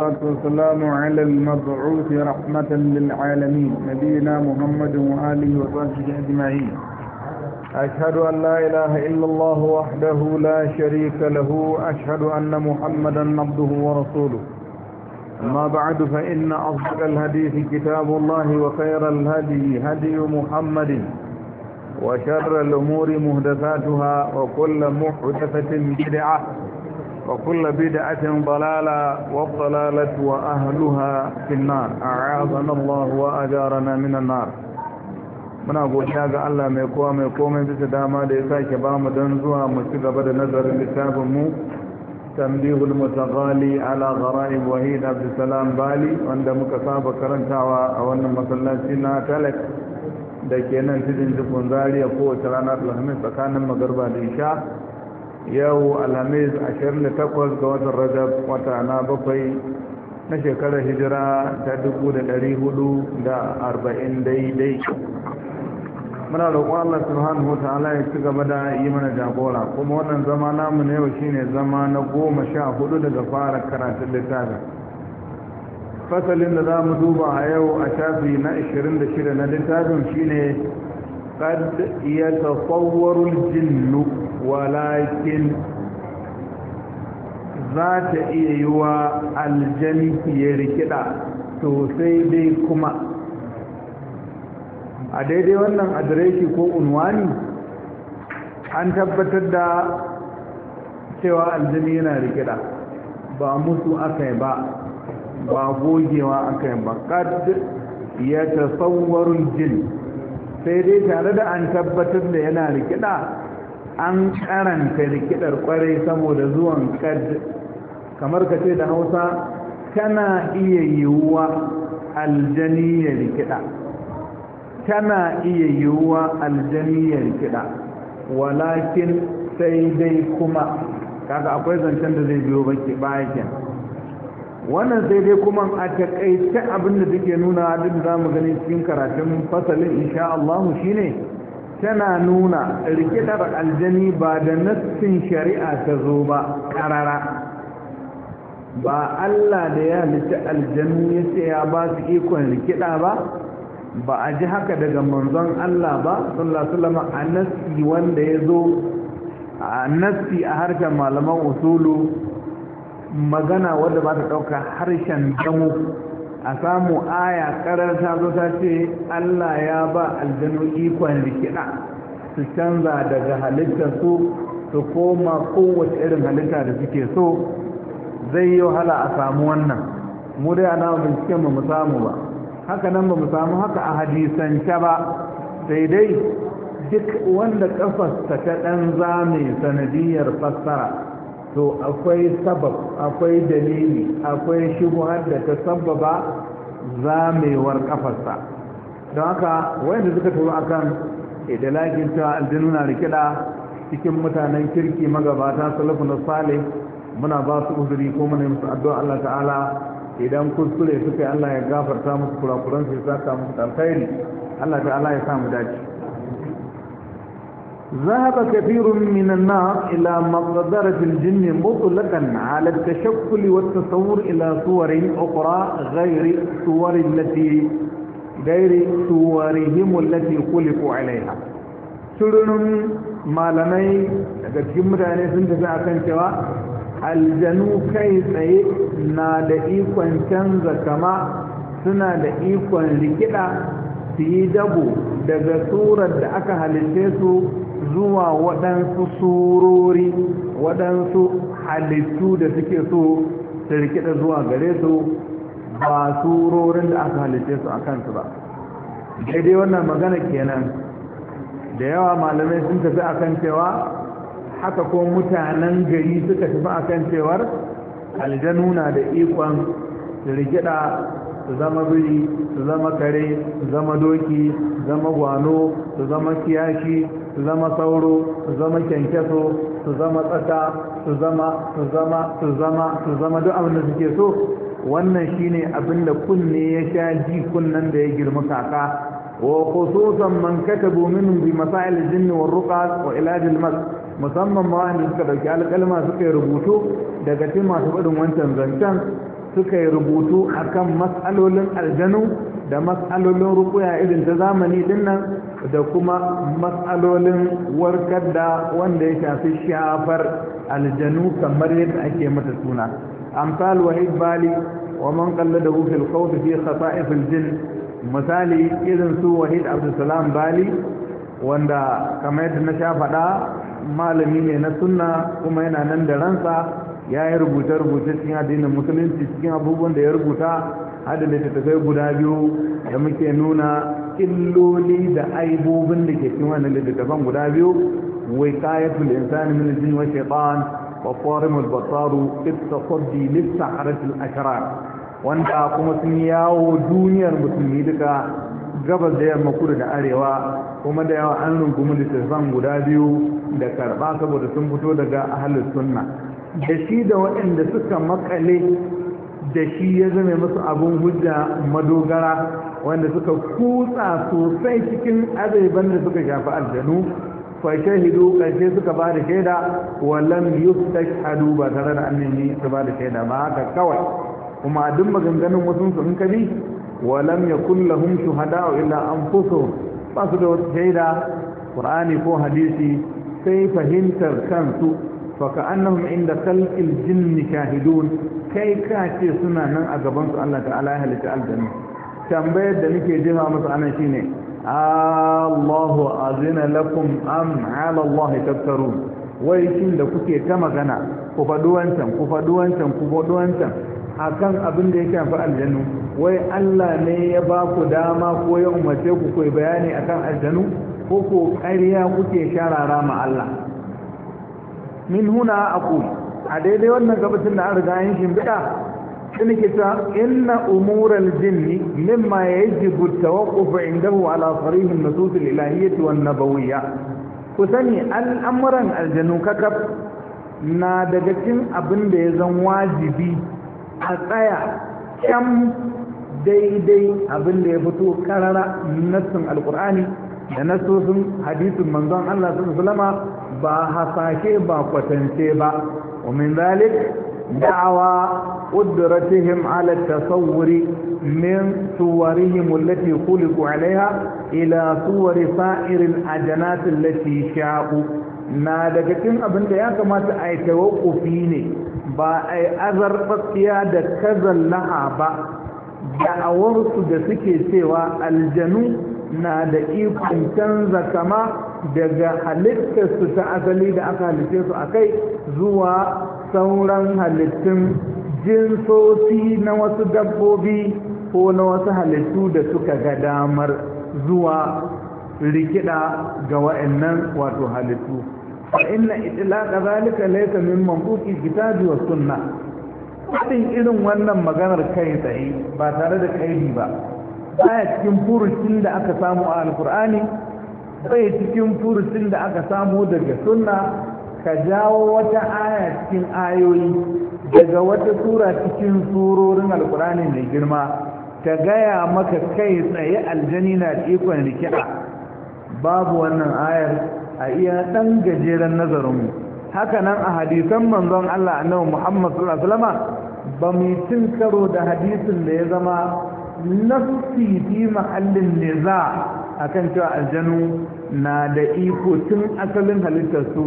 والصلاة والسلام على المبعوث رحمة للعالمين نبينا محمد وآله وصحبه أجمعين أشهد أن لا إله إلا الله وحده لا شريك له أشهد أن محمدا عبده ورسوله أما بعد فإن أصدق الحديث كتاب الله وخير الهدي هدي محمد وشر الأمور مهدفاتها وكل محدثة بدعة وكل بدعة ضلالة والضلالة وأهلها في النار أعاذنا الله وأجارنا من النار muna godiya ga Allah mai kowa mai komai bisa dama da ya sake ba mu don zuwa mu ci gaba da nazarin littafin mu tambihul mutaghali ala ghara'ib wahid abdussalam bali wanda muka saba karantawa a wannan masallaci na talak da ke nan cikin jikun zaria kowace ranar alhamis tsakanin magarba da isha yau alhamis 28 ga watan rajab wata na bakwai na shekarar hijira ta da arba'in daidai muna roƙon Allah subhanahu ta'ala ya ci gaba da yi mana jagora kuma wannan zama namu na yau shine zama na goma sha hudu daga fara karatun littafin fasalin da za mu duba a yau a shafi na 26 na littafin shine qad yatasawwaru al-jinnu walakin za ta iya yi wa aljamiki ya rikida sosai dai kuma a daidai wannan adireshi ko unwani an tabbatar da cewa aljami yana rikida ba musu aka ba ba gogewa aka ba kad ya tasawwarul jin sai dai tare da an tabbatar da yana rikida an karanta rikidar kwarai saboda zuwan kad kamar ka ce da hausa tana iya yiwuwa aljani ya rikida tana iya yiwuwa aljani ya rikida walakin sai dai kuma kaga akwai zancen da zai biyo bayan wannan sai dai kuma a takaice abin da take nuna duk zamu gani cikin karatun fasalin insha Allah shine tana nuna rikitar aljani ba da nassin shari'a ta zo ba karara ba Allah da ya halitta aljanu ya ce ya ba su ikon rikida ba ba a ji haka daga manzon Allah ba sallallahu alaihi a nassi wanda ya zo a nassi a harshen malaman usulu magana wanda ba ta ɗauka harshen damu a samu aya karar ta ce allah ya ba aljanu ikon rikida su canza daga halitta su su koma kowace irin halitta da suke so zai yi wahala a samu wannan mu dai ana binciken ba mu samu ba haka nan ba mu samu haka a hadisance ba sai dai duk wanda kafarsa ta ɗan zame sanadiyar fassara to akwai sabab akwai dalili akwai shubuhar da ta sababa zamewar kafarsa don haka wanda suka taru akan idalakin ta aljinu na rikida cikin mutanen kirki magabata salafu na sale, muna ba su uzuri ko yi musu addu'a Allah ta'ala idan kuskure suka yi Allah ya gafarta musu kurakuran su ya saka musu alkhairi Allah ta'ala ya sa mu dace ذهب كثير من الناس إلى مصدرة الجن مطلقا على التشكل والتصور إلى صور أخرى غير صور التي غير صورهم التي خلقوا عليها سرن ما لمي لقد أن يسنت في أكان سوا الجنو كيف نادئيك أن تنزى كما سنادئيك أن لكذا في دبو daga zuwa waɗansu surori waɗansu halittu da suke so su rikida zuwa gare su ba surorin da aka halitte su a kansu ba daidai wannan magana kenan da yawa malamai sun tafi a kan cewa haka ko mutanen gari suka tafi a kan cewar aljanu na da ikon su rikida su zama biri su zama kare su zama doki su zama gwano su zama kiyashi su zama sauro su zama kyankyaso su zama tsaka su zama su zama su zama su zama duk abin da suke so wannan shine abin da kunne ya sha ji kunnan da ya girma kaka wa khususan man katabu minhum bi masail al-jinn wal ruqas wa ilaj al-mas musamman ma wanda suka dauki alƙalma suka rubutu daga cikin masu faɗin wancan zancen suka yi rubutu a kan matsalolin aljanu da matsalolin rukuya irin ta zamani dinnan da kuma matsalolin warkar da wanda ya shafi shafar aljanu kamar yadda ake mata suna amsal wahid bali wa man qallada hu fil qawli fi khata'if al jin misali irin su wahid abdulsalam bali wanda kamar yadda na sha faɗa malami ne na sunna kuma yana nan da ransa ya yi rubuta-rubuta cikin addinin musulunci cikin abubuwan da ya rubuta hada littattafai guda biyu da muke nuna illoli da aibobin da ke cikin wannan littattafan guda biyu wai kayatul insani min jin wa shaitan wa qarimul basaru ittaqaddi lis-sahrati al-ashrar wanda kuma sun yawo duniyar musulmi duka gabas da yamma kudu da arewa kuma da yawa an rungumi littattafan guda biyu da karba saboda sun fito daga ahlus sunna da shi da waɗanda suka makale da shi ya zama masu abin hujja madogara wanda suka kutsa sosai cikin azaiban da suka shafi aljanu fa shahidu karshe suka ba da shaida wa lam yustashhadu ba tare da annabi su ba da shaida ba haka kawai kuma duk maganganun wasu su in kabi wa lam yakul lahum shuhada illa anfusuhum ba su da wata shaida qur'ani ko hadisi sai fahimtar kansu فكأنهم عند خلق الجن شاهدون كي كاتي سنة نن أقبانك الله تعالى أهل تعالى تنبيه دنيك جهة مسعنا شيني الله أذن لكم أم على الله تبترون ويشين لكوكي كما غنى كفدوانتم كفدوانتم كفدوانتم akan abin da ya shafi aljanu wai Allah ne ya ba ku dama ko ya umarce ku kai bayani akan aljanu ko ko ƙarya kuke sharara ma Allah min huna aku a daidai wannan gabatin da an riga yin shimbiɗa sai nake ta inna umural jinni mimma yajibu tawaqquf indahu ala sarih an-nusus al-ilahiyyah wan nabawiyyah ku sani al'amuran aljanu kakaf na daga cikin abin da ya zan wajibi a tsaya kyan daidai abin da ya fito karara nassin alkur'ani da nassosin hadisin manzon Allah sallallahu alaihi ba hasashe ba kwatance ba wa min zalik da'awa قدرتهم على التصور من صورهم التي Ila عليها إلى صور سائر الأجناس التي شاءوا na daga cikin abinda ya kamata a yi tawakufi ne ba ai yi da da laha ba da'awarsu da suke cewa aljanu na da ikon canza kama daga halittarsu ta asali da aka halitte su a kai zuwa sauran halittun jinsosi na wasu dabbobi ko na wasu halittu da suka ga damar zuwa rikida ga wa'annan wato halittu inna itlaqa zalika laysa min manquqi kitabi wa sunna fadin irin wannan maganar kai tsaye ba tare da kaidi ba baya cikin furucin da aka samu a Alkur'ani. bai cikin furucin da aka samu daga sunna ka jawo wata aya cikin ayoyi daga wata sura cikin surorin alkurani mai girma ta gaya maka kai tsaye aljani na ikon riki'a. babu wannan ayar a iya ɗan gajeren nazarinmu hakanan a hadisan manzon Allah annabi Muhammad sallallahu alaihi wasallam ba mu cin karo da hadisin da ya zama nafsi fi mahallin niza akan cewa aljanu na da iko tun asalin halittar su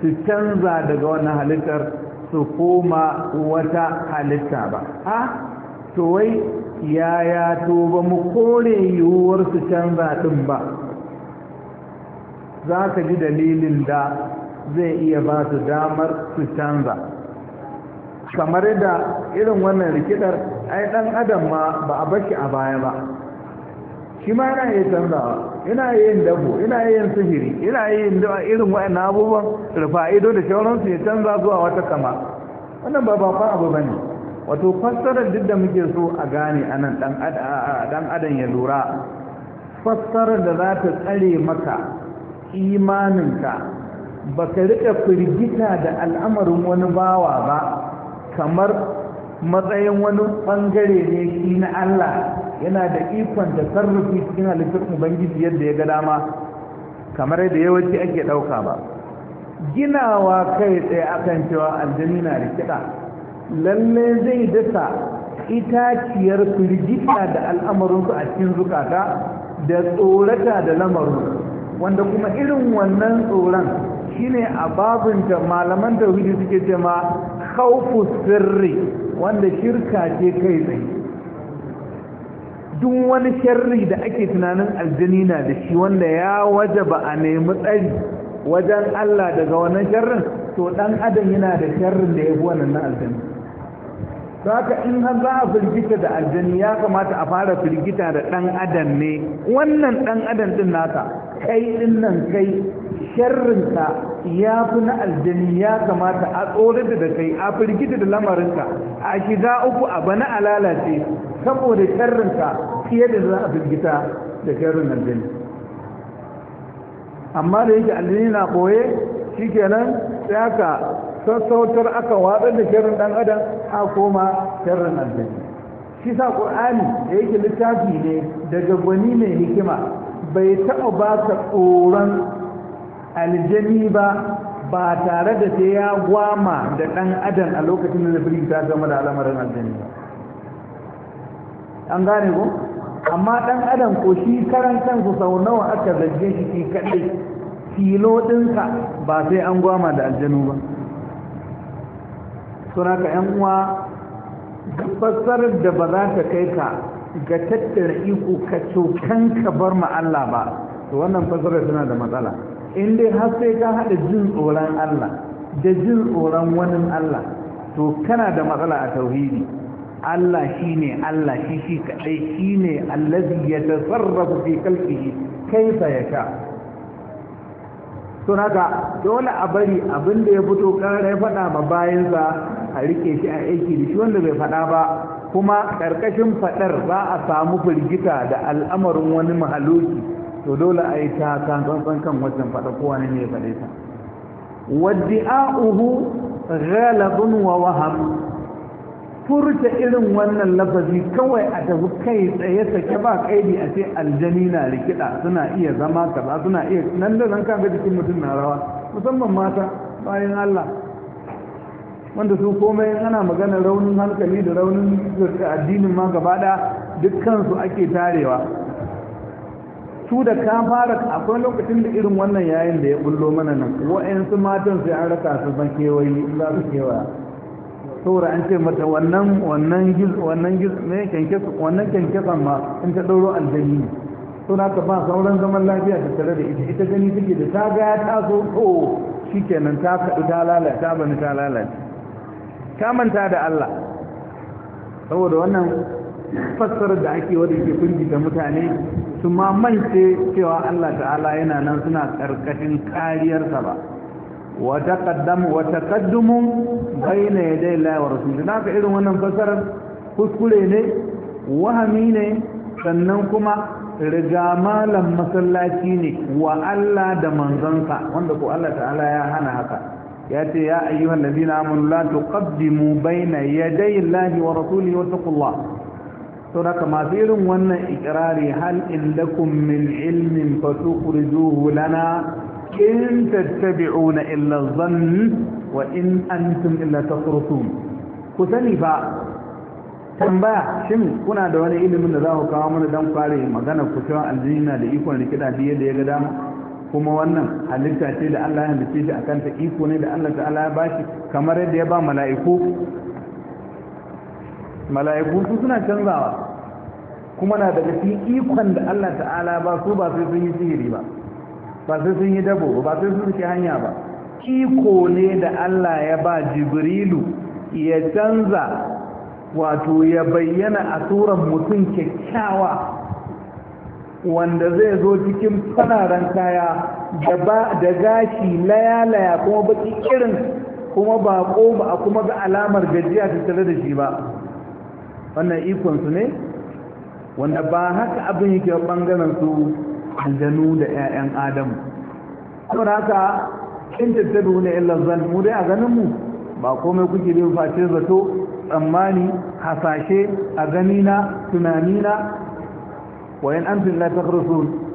su canza daga wannan halittar su koma wata halitta ba a to wai yaya to ba mu kore yiwuwar su canza din ba za ka ji dalilin da zai iya ba su damar su canza kamar da irin wannan rikidar ai dan adam ma ba a bashi a baya ba shi ma yana iya canzawa yana yin dabo yana yin sihiri yana yin irin wa'in abubuwan rufa ido da shauransu ya canza zuwa wata kama wannan ba bakon abu ba ne wato fassarar duk da muke so a gane a nan dan adam ya lura fassarar da za ta tsare maka imaninka ba ka riƙa firgita da al'amarin wani bawa ba kamar matsayin wani ɓangare ne shi na Allah yana da ikon da sarrafi cikin halittar ubangiji yadda ya ga dama kamar yadda yawanci ake ɗauka ba ginawa kai tsaye akan cewa aljani na rikida lallai zai dasa itaciyar firgita da al'amarinsu a cikin zukata da tsorata da lamarin wanda kuma irin wannan tsoron shine a babin da malaman tauhidi suke zama ma sirri wanda shirka ce kai tsaye duk wani sharri da ake tunanin aljani na da shi wanda ya wajaba a nemi tsari wajen Allah daga wannan sharrin to dan adam yana da sharrin da ya bi wannan aljani haka in har za a firgita da aljani ya kamata a fara firgita da dan adam ne wannan dan adam din naka kai din nan kai sharrinka ya fi na aljani ya kamata a tsorar da kai a firgita da lamarinka a shiga uku a bana a lalace saboda sharrinka fiye da za a firgita da sharrin aljani amma da yake aljani na ɓoye shi kenan sai aka sassautar aka watsar da sharrin ɗan adam a koma sharrin aljani shi sa ƙur'ani da yake littafi ne daga gwani mai hikima bai taɓa ba ka tsoron aljani ba ba tare da sai ya gwama da ɗan adam a lokacin da zafiri ta zama da al'amarin aljani ba an gane ko amma ɗan adam ko shi karan kansu sau nawa aka zarge shi ke kaɗai filo ɗinsa ba sai an gwama da aljanu ba suna ka ‘yan uwa ga da ba za ta kai ka ga tattara iko ka cokan ka bar ma Allah ba to wannan fassarar suna da matsala in dai har sai ka haɗa jin tsoron Allah da jin tsoron wani Allah to kana da matsala a tauhidi Allah shi ne Allah shi shi kaɗai shi ne allazi ya sarrafa fi kai sa ya sha to naga dole a bari abin da ya fito ƙara ya faɗa ma bayansa a rike shi a aiki da shi wanda bai faɗa ba kuma ƙarƙashin faɗar ba a samu firgita da al'amarin wani mahaloki to dole a yi ta kan tsantsan kan wajen faɗa kowa ne ya faɗe ta waddi'a'uhu ghalabun wa waham furta irin wannan lafazi kawai a tafi kai tsaye sake ba kaidi a ce aljani na rikida suna iya zama kaza suna iya nan da nan ga jikin mutum na rawa musamman mata bayan Allah wanda sun komai ana magana raunin hankali da raunin addinin ma gaba dukkan su ake tarewa su da ka fara akwai lokacin da irin wannan yayin da ya bullo mana nan su matan sai an raka su ban kewayi za su kewaya saboda an ce mata wannan wannan giz wannan giz ne kyankyasa wannan kyankyasa ma in ta dauro aljanni to na ka ba sauran zaman lafiya ta tare da ita ita gani take da ta ga ta so to shikenan ta ka ta lalace ta bani ta lalace ka manta da Allah saboda wannan fassarar da ake wadda ke firgita mutane su ma mance cewa Allah ta'ala yana nan suna ƙarƙashin kariyarsa ba wata kaddamu wata kaddumu bayyana ya dai layawar rasul da haka irin wannan fassarar kuskure ne wahami ne sannan kuma riga malam masallaci ne wa Allah da manzansa wanda ko Allah ta'ala ya hana haka ya ce ya ayyuhan ladina amanu la tuqaddimu baina yaday Allahi wa rasulihi wa sauraka masu irin wannan ikirari hal indakum min ilmin fatukhrijuhu lana in tattabi'una illa dhann wa in antum illa tasrutun ku sani ba tambaya shin kuna da wani ilimin da za ku kawo mana dan kware magana ku cewa aljinna da ikon rikida biye da ya ga dama kuma wannan halitta ce da Allah ya halitta shi akan ta iko ne da Allah ta'ala ya bashi kamar yadda ya ba mala'iku mala'iku su suna canzawa kuma na daga cikin ikon da Allah ta'ala ba su ba sai sun yi sihiri ba ba sai sun yi dabo ba sai sun rike hanya ba iko ne da Allah ya ba jibrilu ya canza wato ya bayyana a turan mutum kyakkyawa wanda zai zo cikin fararan kaya da gashi laya-laya kuma baki irin kuma ba ko ba a kuma ga alamar gajiya tare da shi ba wannan ikonsu ne wanda ba haka abin yake ɓangaren su aljanu da 'ya'yan adamu kuma haka kin tattabi ne illa zan mu dai a ganin mu ba komai kuke bin face zato tsammani hasashe a ganina tunanina wayan an fin lafi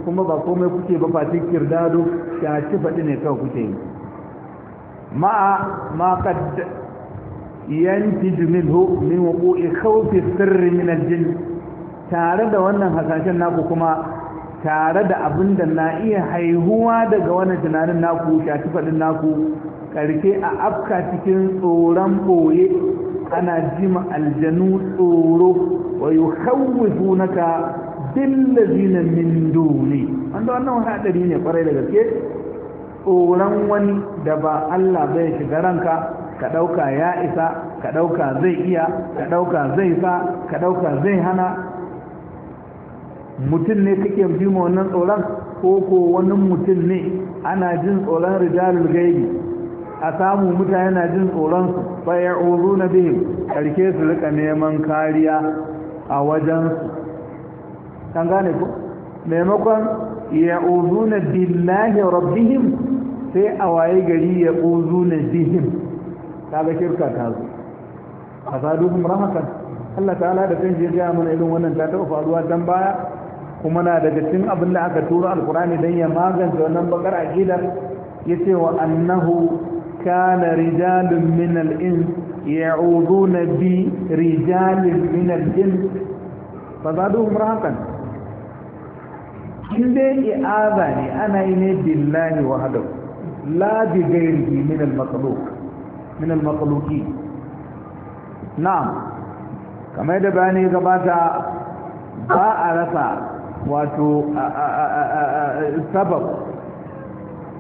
kuma ba komai kuke ba face kirdado shaci faɗi ne kawai kuke yi ma'a ma ينتج منه من وقوع خوف السر من الجن tare da wannan hasashen naku kuma tare da abin na iya haihuwa daga wannan tunanin naku shafi faɗin naku ƙarshe a afka cikin tsoron ɓoye ana jima aljanu tsoro wa yi hauwifu naka min duni wanda wannan haɗari ne kwarai da gaske tsoron wani da ba Allah bai shiga ranka ka ɗauka ya isa ka ɗauka zai iya ka ɗauka zai sa ka ɗauka zai hana mutum ne kake ji ma wannan tsoron ko ko wani mutum ne ana jin tsoron rijalul gaibi a samu mutane na jin tsoron su fa na bihim karke su rika neman kariya a wajen su kan gane ko maimakon ya'uruna billahi rabbihim sai a waye gari na bihim kaga shirka ta zo azaduhum rahakan Allah ta'ala da ya jiya mana irin wannan ta taɓa faruwa dan baya kuma na daga cikin abin da aka tura alkurani dan ya magance wannan bakar aqidar yace wa annahu kana rijalun min al-ins ya'uduna bi rijalin min al-jinn fazaduhum rahakan inda i'aza ne ana yi ne billahi wahdahu la bi ghairihi min al-makhluq min al-makhluqi na'am kamar da bayani gabata ba a rasa wato sabab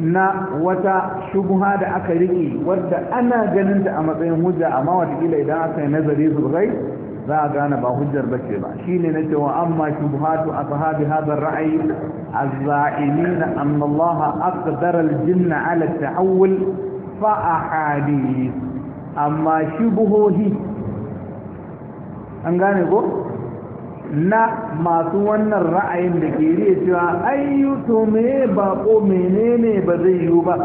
na wata shubha da aka riƙe wadda ana ganin ta a matsayin hujja amma watakila idan aka yi nazari zurrai za a gane ba hujjar ba ce ba shi ne na cewa amma shubhatu a sahabi hadar ra'ayi a za'ini na annallaha aqdara aljinna ala fa ahadith amma shubuhohi an gane ko na masu wannan ra'ayin da ke riya cewa ayyuto me bako menene ba zai yiwu ba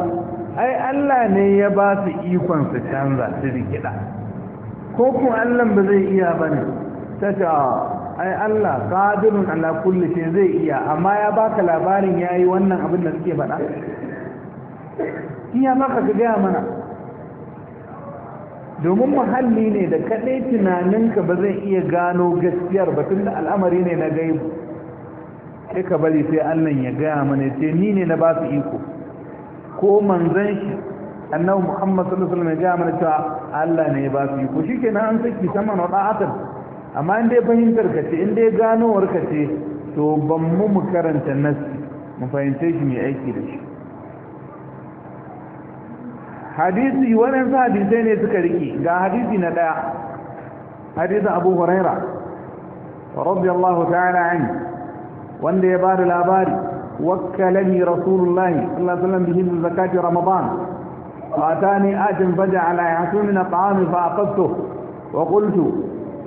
ai Allah ne ya ba su ikon su canza su rikida ko kun Allah ba zai iya ba ne ta ce ah, ai Allah qadirun ala kulli shay zai iya amma ya baka labarin yayi wannan abin da suke faɗa iya maka ka gaya mana domin muhalli ne da kaɗai tunaninka ba zai iya gano gaskiyar batun da al'amari ne na gaibu sai ka bari sai allah ya gaya mana ce ni ne na ba su iko ko manzan shi annabi muhammad sallallahu alaihi wasallam ya gaya mana cewa allah ne ya ba su iko shi kenan an saki saman wa da'atan amma in dai fahimtar ka ce in dai ganowar ka ce to ban mu mu karanta nasi mu fahimce shi mai aiki da shi hadisi waɗansu hadisai ne suka riki ga hadisi na ɗaya hadisi abu huraira allahu ta'ala an wanda ya da labari wakkalani rasulullahi sallallahu alaihi wasallam zakati ramadan فأتاني آت فجعل يعسو من الطعام فأخذته وقلت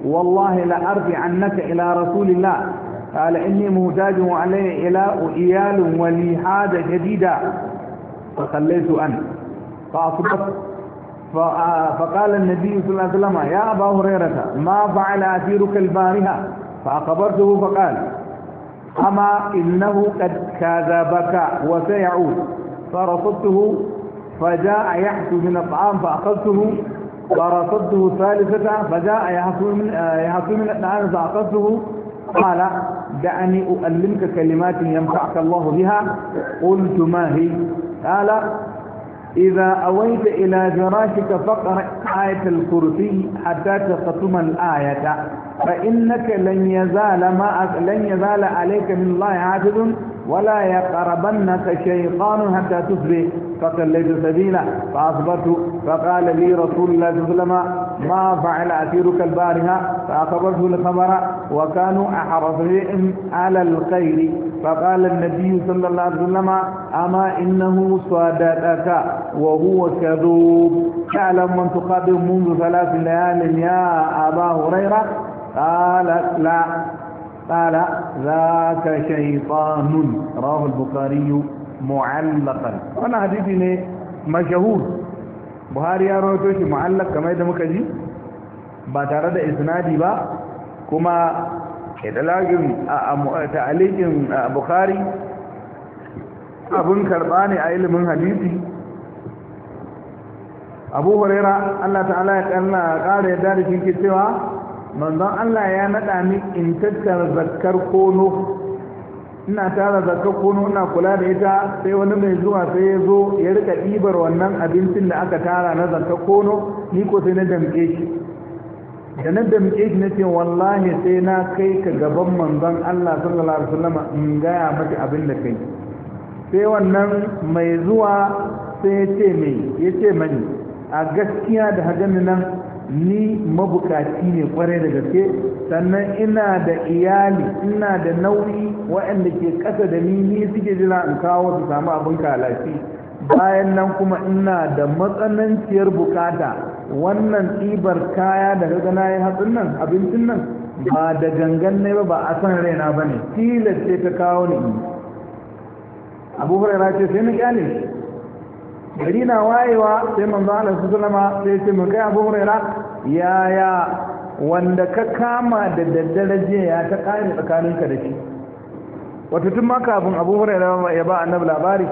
والله لأرجعنك إلى رسول الله قال إني مهتاج علي إلى إيال ولي حاجة شديدة فخليت أنا فأصبت فقال النبي صلى الله عليه وسلم يا أبا هريرة ما فعل أثيرك البارحة فأخبرته فقال أما إنه قد كذبك وسيعود فرصدته فجاء يحث من الطعام فأخذته فرصدته ثالثة فجاء يحث من الطعام فأخذته قال دعني أؤلمك كلمات ينفعك الله بها قلت ما هي قال إذا أويت إلى جراشك فقرأ آية الكرسي حتى تختم الآية فإنك لن يزال ما لن يزال عليك من الله عاجز ولا يقربنك شيطان حتى تصبح فقلت سبيلا فأصبرت فقال لي رسول الله صلى الله عليه وسلم ما فعل أثيرك البارحة فأخبرته الخبر وكانوا أحرصهم على الخير فقال النبي صلى الله عليه وسلم أما إنه صادقك وهو كذوب تعلم من تقابل منذ ثلاث ليال يا أبا هريرة قال لا قال ذاك شيطان رواه البخاري معلقا وانا حديثي ne mashahur buhari ya rawaito shi mu'allaq kamar yadda muka ji ba tare da isnadi ba kuma idalagin ta'aliqin bukhari abun karba ne a ilimin hadisi abu huraira Allah ta'ala ya kalla kare yadda da shi cewa manzon Allah ya naɗa ni in tattara zakkar kono ina tara zakkar kono ina kula da ita sai wani mai zuwa sai ya zo ya rika ɗibar wannan abincin da aka tara na zakkar kono ni ko sai na damke shi da na damke shi na ce wallahi sai na kai ka gaban manzon Allah sallallahu alaihi wasallam in gaya mata abin da kai sai wannan mai zuwa sai ya ce mai ya ce mani a gaskiya da hajjani nan ni mabukaci ne kwarai da gaske sannan ina da iyali ina da nauyi waɗanda ke ƙasa da ni ni suke jira in kawo su samu abin kalafi bayan nan kuma ina da matsananciyar bukata wannan tsibar kaya da ga na yi hatsin nan abincin nan ba da gangan ne ba ba a san raina ba ne tilas ce ta kawo ni abu hurairu ce sai na kyale gari na wayewa sai manzo Allah sallama sai ce mu kai Abu Huraira yaya wanda ka kama da daddare jiya ya ta kare tsakaninka da shi wato tun ma kafin Abu Huraira ya ba annabi labari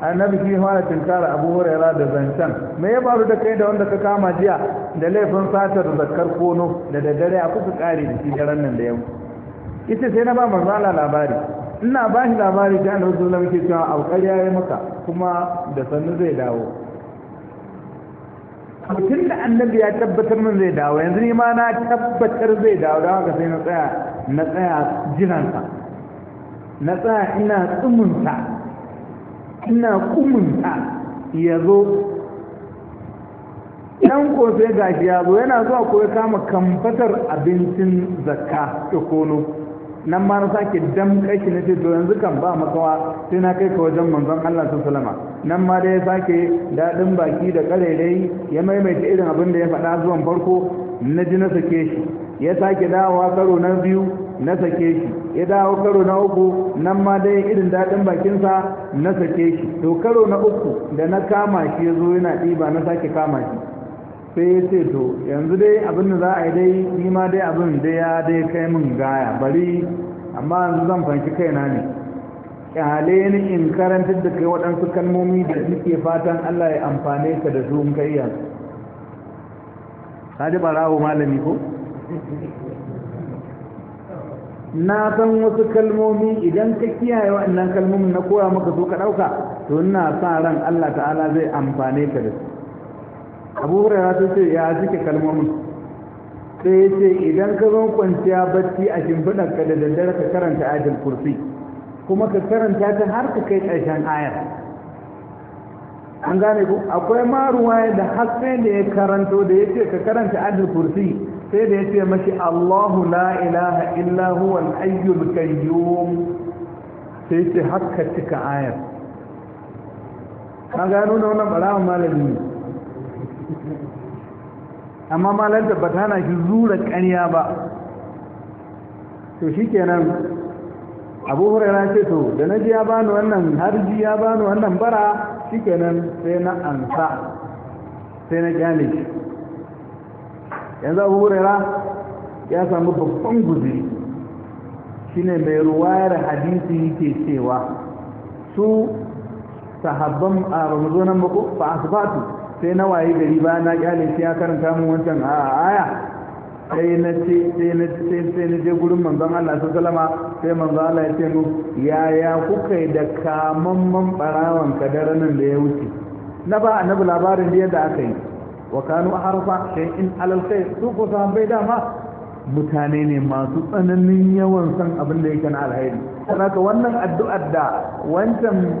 annabi shi fara tunkara Abu Huraira da zancan me ya faru da kai da wanda ka kama jiya da laifin satar zakkar kono da daddare a kuka kare da shi garan nan da yau ita sai na ba manzo Allah labari ina ba shi labari ta annabi sallallahu alaihi wasallam yake cewa alƙari maka kuma da sannu zai dawo tun da annabi ya tabbatar min zai dawo yanzu ni ma na tabbatar zai dawo don haka sai na tsaya na tsaya jiransa na tsaya ina tsumunta ina kumunta ya zo ɗan ko sai gashi ya zo yana zuwa ko ya kama kamfatar abincin zakka ta kono nan ma na sake damƙa shi na ce to yanzu kan ba makawa sai na kai ka wajen manzon Allah su salama nan ma da ya sake daɗin baki da ƙarairayi ya maimaita irin abin da ya faɗa zuwan farko na ji na sake shi ya sake dawowa karo na biyu na sake shi ya dawo karo na uku nan ma dai irin daɗin bakinsa na sake shi to karo na uku da na kama shi ya zo yana ɗiba na sake kama shi sai ya ce to yanzu dai abin da za a yi dai ni ma dai abin da ya dai kai min gaya bari amma yanzu zan fanki kaina ne kyale ni in karantar da kai waɗansu kalmomi da suke fatan Allah ya amfane ka da su kai yanzu ka ji barawo malami ko na san wasu kalmomi idan ka kiyaye waɗannan kalmomin na koya maka so ka ɗauka to ina sa ran Allah ta'ala zai amfane ka da su abu ya sun ce ya suke kalmomin sai ya ce idan ka zo kwanciya bacci a shimfiɗar ka da daddare ka karanta ajin kursi kuma ka karanta ta har ka kai ƙarshen ayar an gane ku akwai maruwa da har sai da ya karanto da ya ce ka karanta ajin kursi sai da ya ce mashi Allahu la ilaha illa huwa al'ayyul kayyum sai sai ce ka cika ayar ka gano na wannan ɓarawa malami ne amma malanta ba tana na shi zura ƙarya ba to shi kenan abu hurara ce to da na ji ya bani wannan harji ya bani wannan bara shi kenan sai na ansa sai na gane yanzu abu hurara ya samu babban guziri shine mai ruwayar hadisi yake cewa su sahabban a ramazonan mako ba a sai na waye gari ba na kyale sai ya karanta mun wancan a aya sai na ce sai na ce sai na je gurin manzon Allah sallallahu alaihi sai manzon Allah ya ce mu yaya kuka yi da kamamman barawan kadaran nan da ya wuce na ba annabi labarin da yadda aka yi wa kanu harfa sai in alal khair su ko bai dama mutane ne masu tsananin yawan san abin da yake na alheri saboda wannan addu'ar da wancan eh,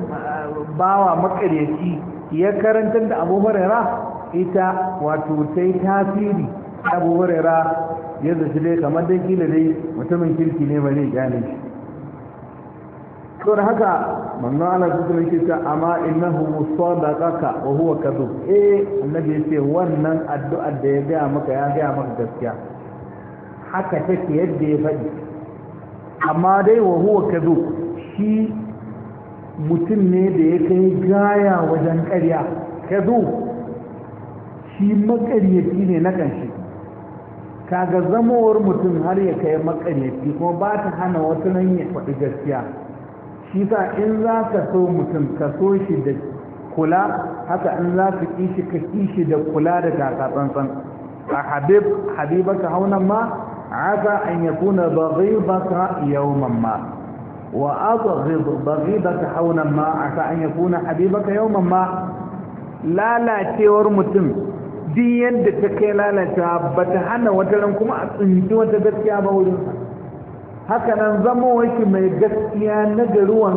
bawa makaryaci ya karantar da abu ita wato ta tasiri abu huraira ya zace dai kamar dai kila dai mutumin kirki ne ba zai gane shi to da haka manzo Allah su kuma yake ta amma innahu musaddaqaka wa huwa kadhub eh annabi yace wannan addu'ar da ya ga maka ya ga maka gaskiya haka take yadda ya faɗi amma dai wa huwa kadhub shi mutum ne da ya kai gaya wajen karya, ka zo shi makaryaci ne na ƙanshi kaga zamowar mutum har ya kai makaryaci kuma ba ta hana wata nan ya faɗi gaskiya shi sa in za ka so mutum ka so shi da kula haka in za ka ƙi ka ƙi shi da kula da kaka tsantsan a habib habibaka haunan ma aka an ba baghibaka yawman ma وأبغض بغيضك حولا ما عسى ان يكون حبيبك يوما ما لا لا تيور متم دي يند تكي لا لا تابت حنا وتلنكم أنتوا تبكي أبا ولنسا هكذا نظموا ويش ما يجسيا نجروا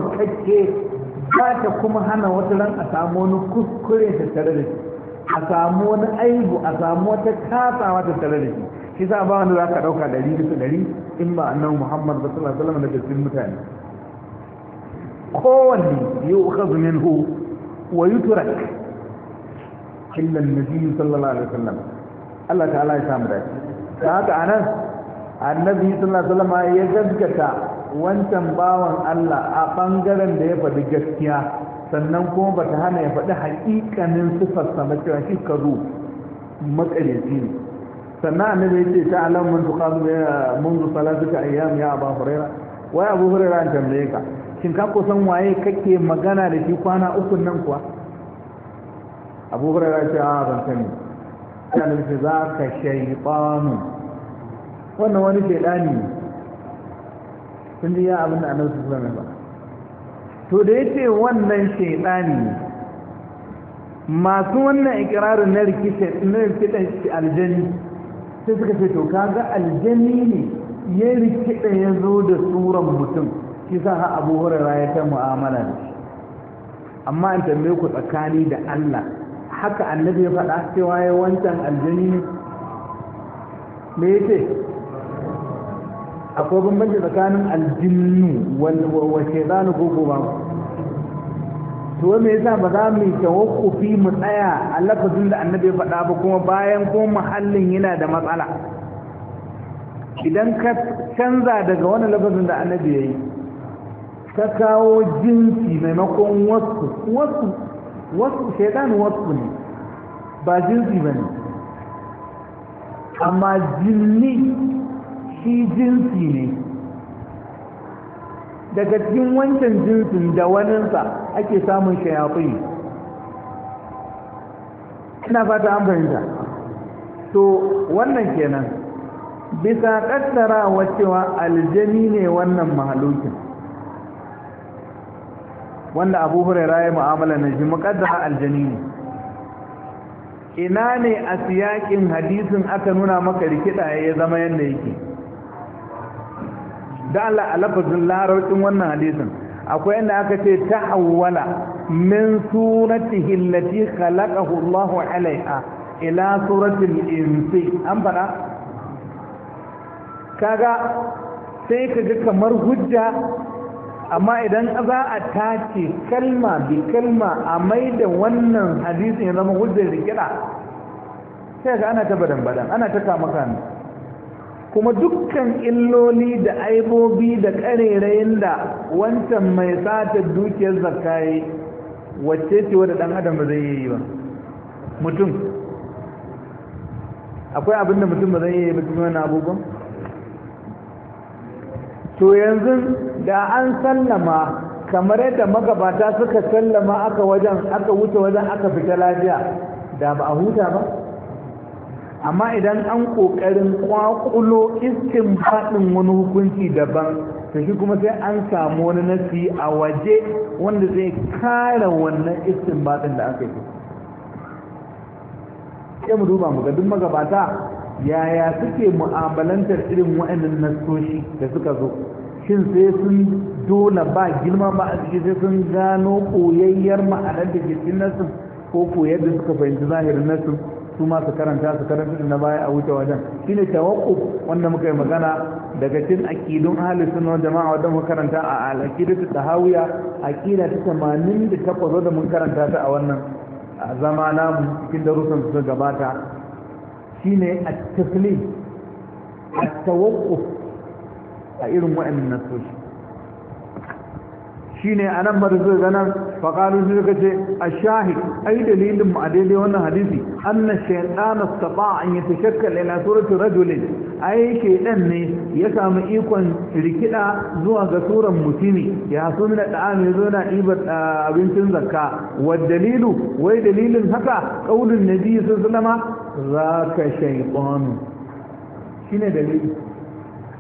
za ta kuma hana wata ran a samu wani kuskure ta tare da shi a samu wani aibu a samu wata kasawa ta tare da shi shi a ba wanda za ka ɗauka ɗari bisa ɗari in ba annan muhammad ba sallallahu alaihi wasallam da mutane kowanne ya ukhadhu minhu wa yutrak illa annabi sallallahu alaihi wasallam Allah ta'ala ya samu dace dan haka anan annabi sallallahu alaihi wasallam ya gaskata wancan bawan Allah a bangaren da ya faɗi gaskiya sannan kuma ba ta hana ya faɗi haƙiƙanin sifarsa ba cewa shi kazo matsalaci ne sannan annabi ya ce ta alamun tukazu munzu eh, salatuka ayyam ya abu huraira wai abu huraira an tambaye ka shin ka ko san waye kake magana da shi kwana uku nan kuwa abu ya ce a ban sani sanin shi za ka shaytanu wannan wani shaydani ne sun ji ya abin da annabi sallallahu alaihi wasallam to da yace wannan shaydani ne masu wannan ikirarin na rikice na rikice aljani sai suka ce to kaga aljani ne ya rikida ya zo da suran mutum Kisa ha abu hurara ya ta mu'amala da shi amma in tambaye ku tsakani da allah haka annabi ya faɗa cewa ya wancan aljini ne me yake akwai bambanci tsakanin aljinnu wa shaitanu ko ko ba to me yasa ba za mu tawakkufi mu tsaya a lafazin da annabi ya faɗa ba kuma bayan ko muhallin yana da matsala idan ka canza daga wani lafazin da annabi ya yi ta kawo jinsi maimakon wasu wasu wasu shaidan wasu ne ba jinsi ba ne amma jinni shi jinsi ne daga cikin wancan jinsin da waninsa ake samun shayafi ina fata an fahimta to wannan kenan bisa kaddarawa cewa aljani ne wannan mahalukin wanda abu huraira ya mu'amala na ji muƙaddara aljanini ina ne a siyakin hadisin aka nuna maka rikida ya zama yadda yake da Allah a lafazin larabcin wannan hadisin akwai yadda aka ce ta hawwala min suratihi allati khalaqahu Allah alaiha ila suratil insi an fada kaga sai ka ga kamar hujja amma idan za a tace kalma bi kalma a maida wannan hadisin ya zama hujjar rikira sai ga ana ta badan-badan ana ta ne kuma dukkan illoli da aibobi da karerayin da wancan mai sata dukiyar zakaye wacce ce wadda dan adam ba zai yi ba mutum akwai abinda mutum ba zai yi ba cikin wani abubuwan to yanzu da an sallama kamar yadda magabata suka sallama aka wajen aka wuce wajen aka fita lafiya da ba a huta ba amma idan an ƙoƙarin ƙwaƙulo iskin faɗin wani hukunci daban ta shi kuma sai an samu wani nasi a waje wanda zai kare wannan iskin faɗin da aka yi sai mu duba mu ga duk magabata yaya suke mu'amalantar irin waɗannan nasoshi da suka zo shin sai sun dole ba girma ba a ciki sai sun gano koyayyar ma'anar da jikin nasu ko koyar da suka fahimci zahirin nasu su ma su karanta su karanta na baya a wuce wajen shine tawakku wanda muka yi magana daga cin akidun ahli suna jama'a wajen muka karanta a ta aqidatu tahawiyya aqida ta tamanin da mun karanta ta a wannan zama namu cikin darussan su gabata شين التقليد التوقف تقيرهم وقم من shine anan ba da zai ganar faƙalu sai suka ce a shahi ai dalilin mu a daidai wannan hadisi anna shaytan istata an yatashakkal ila surati rajul ai shaytan ne ya samu ikon rikida zuwa ga suran mutumi ya so mina da'am ya zo ibar abincin zakka wa dalilu wai dalilin haka qaulun nabi sallallahu alaihi zaka Shi ne dalili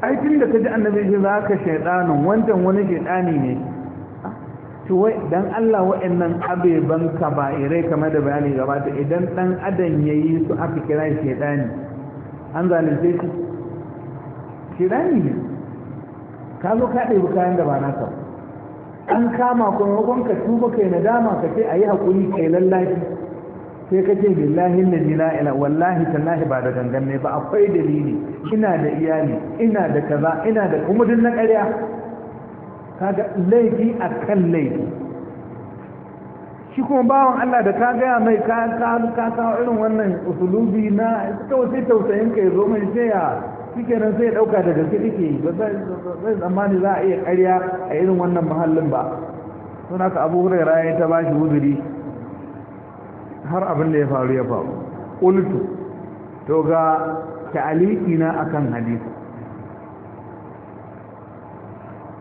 ai tun da kaji annabi zaka shaytanun wancan wani shaytani ne to dan Allah wa'annan abeban kaba'irai kamar da bayani gabata idan dan adam yayi su aka kira shi shedani an zalunce shi shedani ne ka zo ka ɗebi kayan da ba naka an kama kuma wakon ka tuba kai nadama ka ce a yi haƙuri kai lallashi sai ka ce billahi na nila ila wallahi tallahi ba da gangan ne ba akwai dalili ina da iyali ina da kaza ina da kuma duk na ƙarya kaga laifi a kan laifi shi kuma bawan Allah da ka gaya mai ka kawo irin wannan usulubi na kawai sai tausayin ka ya zo mai sai ya nan sai ya dauka da gaske take ba zai zamani za a iya karya a irin wannan muhallin ba suna ka abu hurera ya ta bashi wuzuri har abin da ya faru ya faru ƙultu to ga ta'aliki na akan hadisi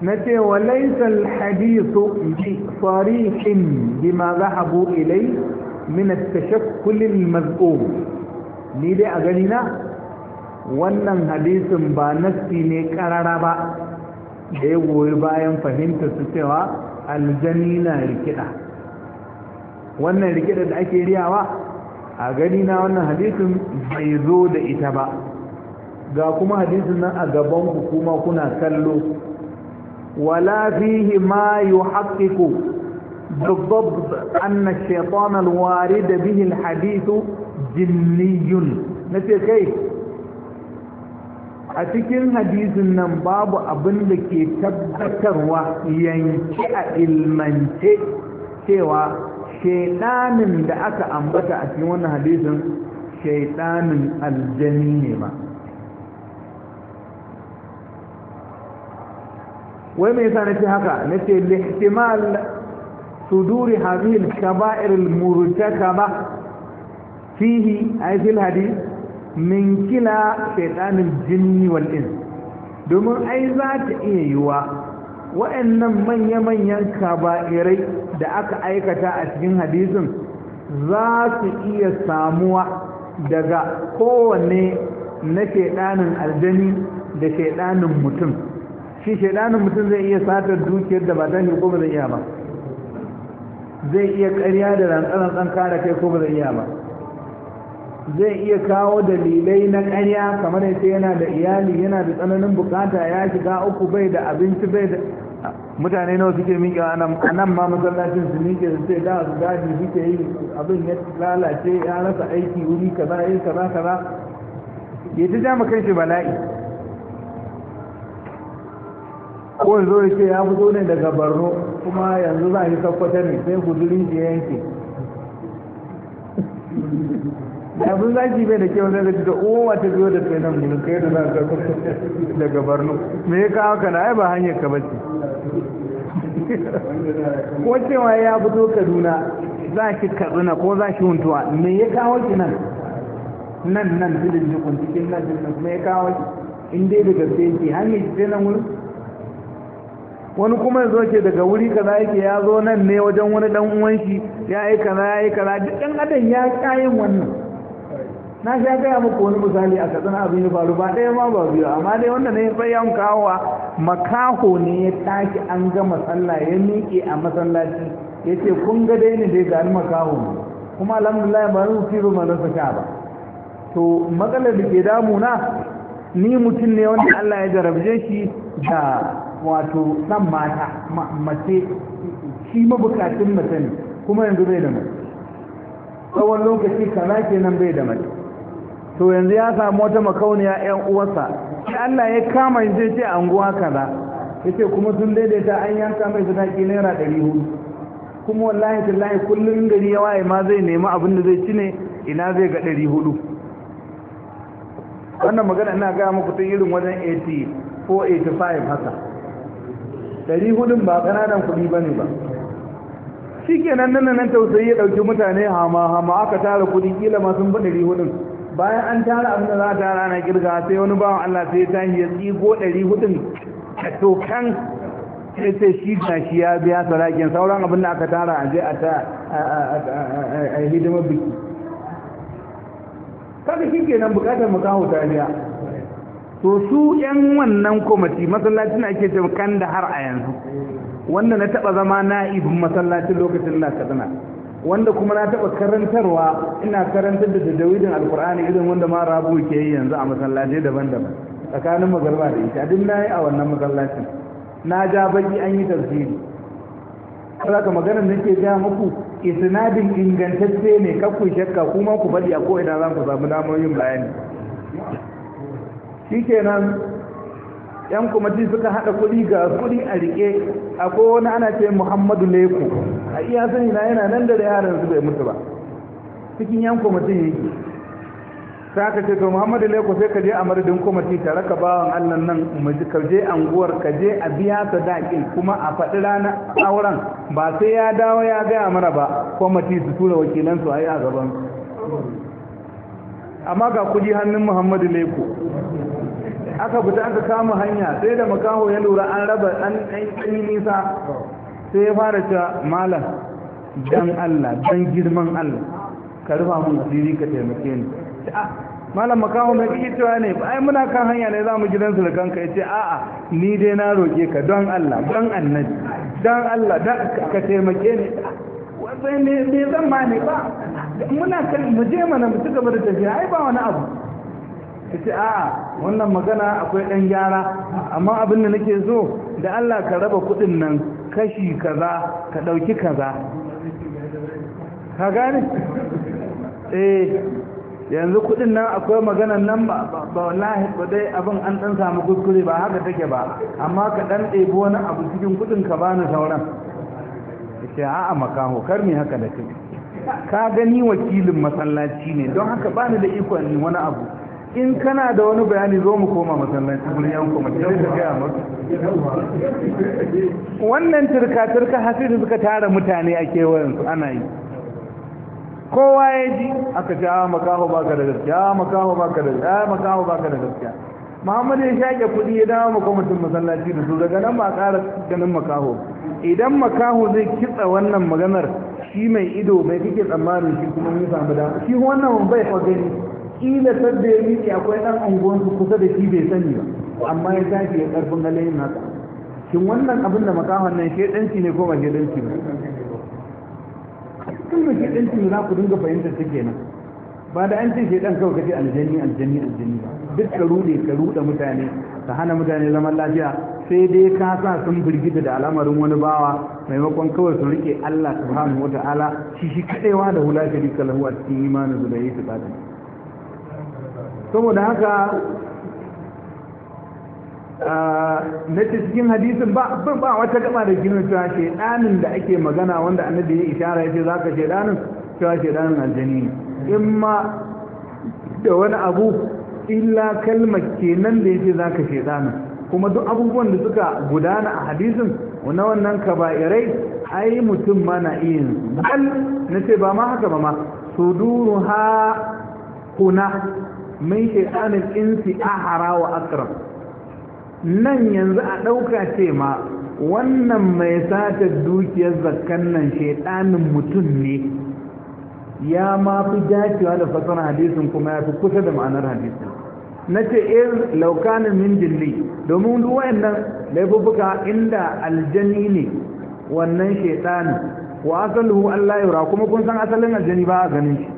na ce wa laisal hadisu bi sarihin bima zahabu ilai min at-tashakkul al ni dai a gani na wannan hadisin ba nasti ne karara ba da ya goyi bayan fahimta su cewa aljani na rikida wannan rikida da ake riyawa a gani na wannan hadisin bai zo da ita ba ga kuma hadisin nan a gaban hukuma kuna kallo ولا فيه ما يحقق بالضبط ان الشيطان الوارد به الحديث جني نتي كي اتكين حديث نم باب ابن دكي تبكر وينكي المنشئ سوى شيطان دعك انبتا اتنون حديث شيطان الجنين wai me yasa nace haka nace lihtimal suduri hadhihi al-kaba'ir al-murtakaba fihi ai fil hadith min kila shaytan al-jinn wal ins domin ai za ta iya yiwa wa'annan manya-manyan kaba'irai da aka aikata a cikin hadisin za su iya samuwa daga kowane na shaidanin aljani da shaidanin mutum shi shaidanin mutum zai iya satar dukiyar da ba ta shi ko ba zai iya ba zai iya karya da tsan kare kai ko ba zai iya ba zai iya kawo dalilai na karya kamar ya ce yana da iyali yana da tsananin bukata ya shiga uku bai da abinci bai da mutane nawa suke miƙe a nan ma masallacin su miƙe su ce dawa su gaji suke yi abin ya lalace ya rasa aiki wuri kaza yi kaza kaza ya ta shi bala'i ko zo ya ce ya fito ne daga barno kuma yanzu za a yi sakwata ne sai guzurin shi yanke abin zaki bai da kyau zai da owa oh, ta biyo da tsaye na gudun kai da zaka daga barno me ya kawo kana ai ba hanyar ka bace ko cewa ya fito kaduna za ki katsina ko za ki huntuwa me ya kawo ki nan nan nan filin jikun cikin nan nan me ya kawo ki in dai da gaske yake hanyar ki na wurin wani kuma yanzu ke daga wuri kaza yake ya zo nan ne wajen wani dan uwan ya yi kaza ya yi kaza duk dan adam ya kayan wannan na sha gaya muku wani misali a katsina abin ya faru ba ɗaya ma ba biyu amma dai wanda ne sai yan kawowa makaho ne ya tashi an gama sallah ya miƙe a masallaci ya ce kun ga dai ne dai gani makaho ne kuma alhamdulillah ba zan siro ma rasa sha ba to matsalar da ke na ni mutum ne wanda Allah ya jarabje shi da wato ɗan mata mace shi mabukacin mace ne kuma yanzu bai da mace tsawon lokaci kaza kenan bai da mace to yanzu ya samu wata makauniya yan uwarsa shi Allah ya kama yanzu ce anguwa kaza yace kuma sun daidaita an yanka mai ki naira ɗari hudu kuma wallahi tallahi kullum gari ya waye ma zai nemi abin da zai ci ne ina zai ga 400 wannan magana ina gaya muku tun irin wajen 80 485 haka ɗari hudun ba ƙananan kuɗi ba ne ba shi kenan nan nan tausayi ya ɗauki mutane hama hama aka tara kuɗi kila ma sun ɗari hudun bayan an tara abin da za a tara ana kirga sai wani bawan Allah sai ya tashi ya tsigo ɗari hudun a tokan sai sai shi na shi ya biya sarakin sauran abin da aka tara a a ta a hidimar biki kaga shi kenan bukatar mu kawo taliya. to su yan wannan kwamati masallacin ake ce kan da har a yanzu wanda na taɓa zama na'ibin masallacin lokacin na kaduna wanda kuma na taɓa karantarwa ina karantar da jadawidin alkur'ani idan wanda ma rabu ke yi yanzu a masallacin daban-daban tsakanin magarba da ita duk na yi a wannan masallacin na ja baki an yi tafsiri kada ka da ke ga muku isnadin ingantacce ne kakku shakka kuma ku bari a ko ina za ku samu damar yin bayani shi kenan yan kwamati suka haɗa kuɗi ga kuɗi a riƙe akwai wani ana ce muhammadu leku a iya sani na yana nan da yaran su bai mutu ba cikin yan kwamatin yake sai ka ce to muhammadu leku sai ka je a madadin kwamati tare ka bawan allan nan umarci ka je anguwar ka je a biya sadakin kuma a faɗi ranar auren ba sai ya dawo ya gaya mana ba kwamati su tura wakilansu a yi a gaban amma ga kuɗi hannun muhammadu leku aka fita aka kama hanya sai da makaho ya lura an raba ɗan ɗan nisa sai ya fara cewa malam dan Allah dan girman Allah ka rufa mun asiri ka taimake ni ah, malam makaho mai kike cewa ne ai muna kan hanya ne zamu gidan su da kanka yace a'a ni dai na roke ka don Allah don annabi don Allah ka taimake ni wai ne zan ma ne ba muna kan mu je mana mu ci gaba da tafiya ai ba wani abu ta ce a'a wannan magana akwai ɗan gyara amma abin da nake so da Allah ka raba kuɗin nan kashi kaza ka ɗauki kaza ka gane? eh yanzu kuɗin nan akwai maganan nan ba wallahi ba dai abin an ɗan samu kuskure ba haka take ba amma ka ɗan ɗebi wani abu cikin kuɗin ka bani sauran ce a'a makaho kar me haka da ka gani wakilin masallaci ne don haka bani da ikon wani abu in kana da wani bayani zo mu koma masallaci gurin yi koma sai gaya maka wannan turka turka hasidu suka tara mutane a kewayen su ana yi kowa ya ji aka ce a ah, makaho baka da gaskiya a ah, makaho baka da gaskiya a ah, makaho baka da gaskiya muhammad ya shaƙe kuɗi ya dawo makwamitin masallaci da su daga nan ba ƙara ganin makaho idan makaho zai kitsa wannan maganar shi mai ido mai kike tsammanin shi kuma mun samu da shi wannan bai fa gani kila sadda ya miƙe akwai ɗan anguwansu kusa da shi bai sani ba amma ya tafi ya ƙarfin galayin nasa shin wannan abin da makaman nan shedanci ne ko ba shedanci ba tun da shedanci ne za ku dinga fahimtar ta kenan ba da an ce shedan kawai kaje aljanni aljanni aljanni ba duk ka rude ka rude mutane ka hana mutane zaman lafiya sai dai ka sa sun birgita da al'amarin wani bawa maimakon kawai su rike Allah subhanahu wataala shi shi kadaiwa da hula shari'a lahu a cikin imanin su da su tsada saboda haka na cikin hadisin ba ba wata gaba da gina cewa shaidanin da ake magana wanda annabi ya ishara ya ce za ka shaidanin cewa shaidanin aljani ne in da wani abu illa kalma kenan da ya ce za ka shaidanin kuma duk abubuwan da suka gudana a hadisin na wannan kaba'irai ai mutum ma na iya yin na ce ba ma haka ba ma su duru ha kuna min shaitanin insi ahara wa akram nan yanzu a ɗauka ce ma wannan mai sata dukiyar zakkan nan shaitanin mutum ne ya ma fi da fasar hadisin kuma ya fi kusa da ma'anar hadisin na ce ir laukanin min dilli domin duk wayannan laifuffuka inda aljani ne wannan shaitani wa asalin Allah yura kuma kun san asalin aljani ba a ganin shi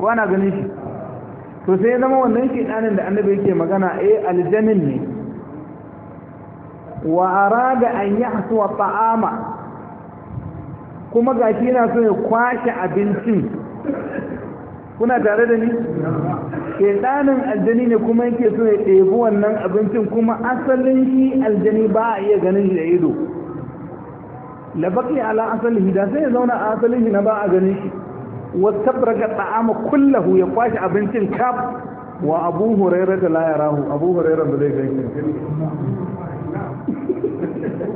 ko ana ganin shi to sai zama wannan ɗanin da annabi yake magana eh aljanin ne wa arada an yahsuwa ta'ama kuma gashi yana so ya kwashe abincin kuna tare da ni ɗanin aljani ne kuma yake so ya ɗebi wannan abincin kuma asalin shi aljani ba a iya ganin shi da ido labaki ala asalihi da sai ya zauna a asalin shi na ba a ganin shi wastabraga ta'ama kullahu ya kwashi abincin kaf wa abu huraira da la yarahu abu huraira da zai gani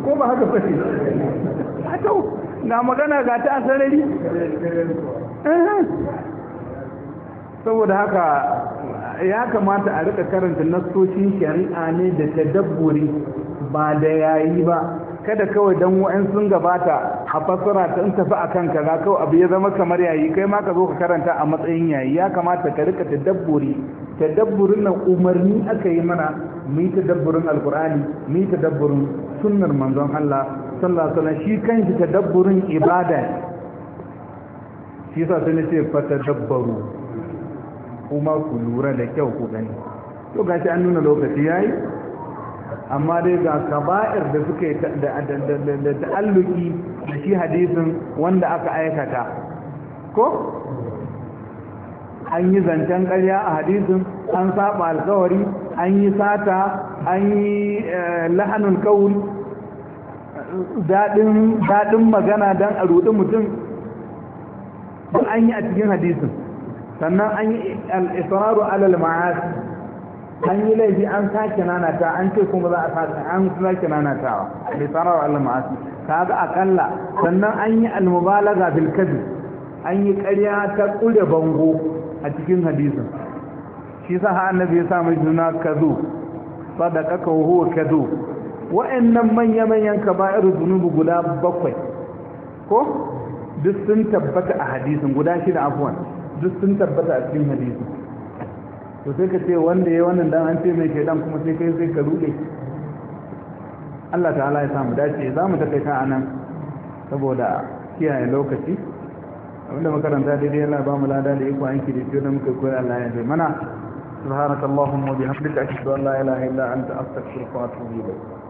ko ba haka ba fashi ato ah, ga magana ga ta sarari eh. saboda haka ya kamata a rika karanta nasoshin shari'a ne da tadabburi ba da yayi ba kada kawai dan wa'in sun gabata a fassara ta in tafi a kanka za kawai abu ya zama kamar yayi kai ma ka zo ka karanta a matsayin yayi ya kamata ka rika tadabburi tadabburin nan umarni aka yi mana mu yi tadabburin alkur'ani mu yi tadabburin sunnar manzon Allah sallallahu alaihi wasallam shi kanshi tadabburin ibada shi yasa sai ce fa tadabbaru kuma ku lura da kyau ku gani to gashi an nuna lokaci yayi amma dai ga kaba'ir da suka da ta'alluki da shi hadisin wanda aka aikata ko an yi zancen ƙarya a hadisin an saba alkawari an yi sata an yi eh, lahanul kawul daɗin magana don a ruɗi mutum an yi a cikin hadisin sannan an yi al'isararu alal ma'asi an yi laifi an sake nanata an ce kuma za a sake an sake nanatawa bai tsara wa Allah ma'asi ga akalla sannan an yi almubalaga bil kadhib an yi ƙarya ta ƙure bango a cikin hadisin shi sa annabi ya sa mai juna kazo sadaka ka huwa kazo wa'annan manya manyan kaba'iru zunubi guda bakwai ko duk sun tabbata a hadisin guda shida afwan duk sun tabbata a cikin hadisin to sai ka ce wanda ya wannan dan an ce mai dan kuma sai kai sai ka rude Allah ta'ala ya samu dace za mu ta kai ka anan saboda kiyaye lokaci abinda makaranta daidai Allah ba mu lada da iko aiki da ciwo da muka koyi Allah ya zai mana subhanakallahumma wa bihamdika ashhadu an la ilaha illa anta astaghfiruka wa atubu ilayk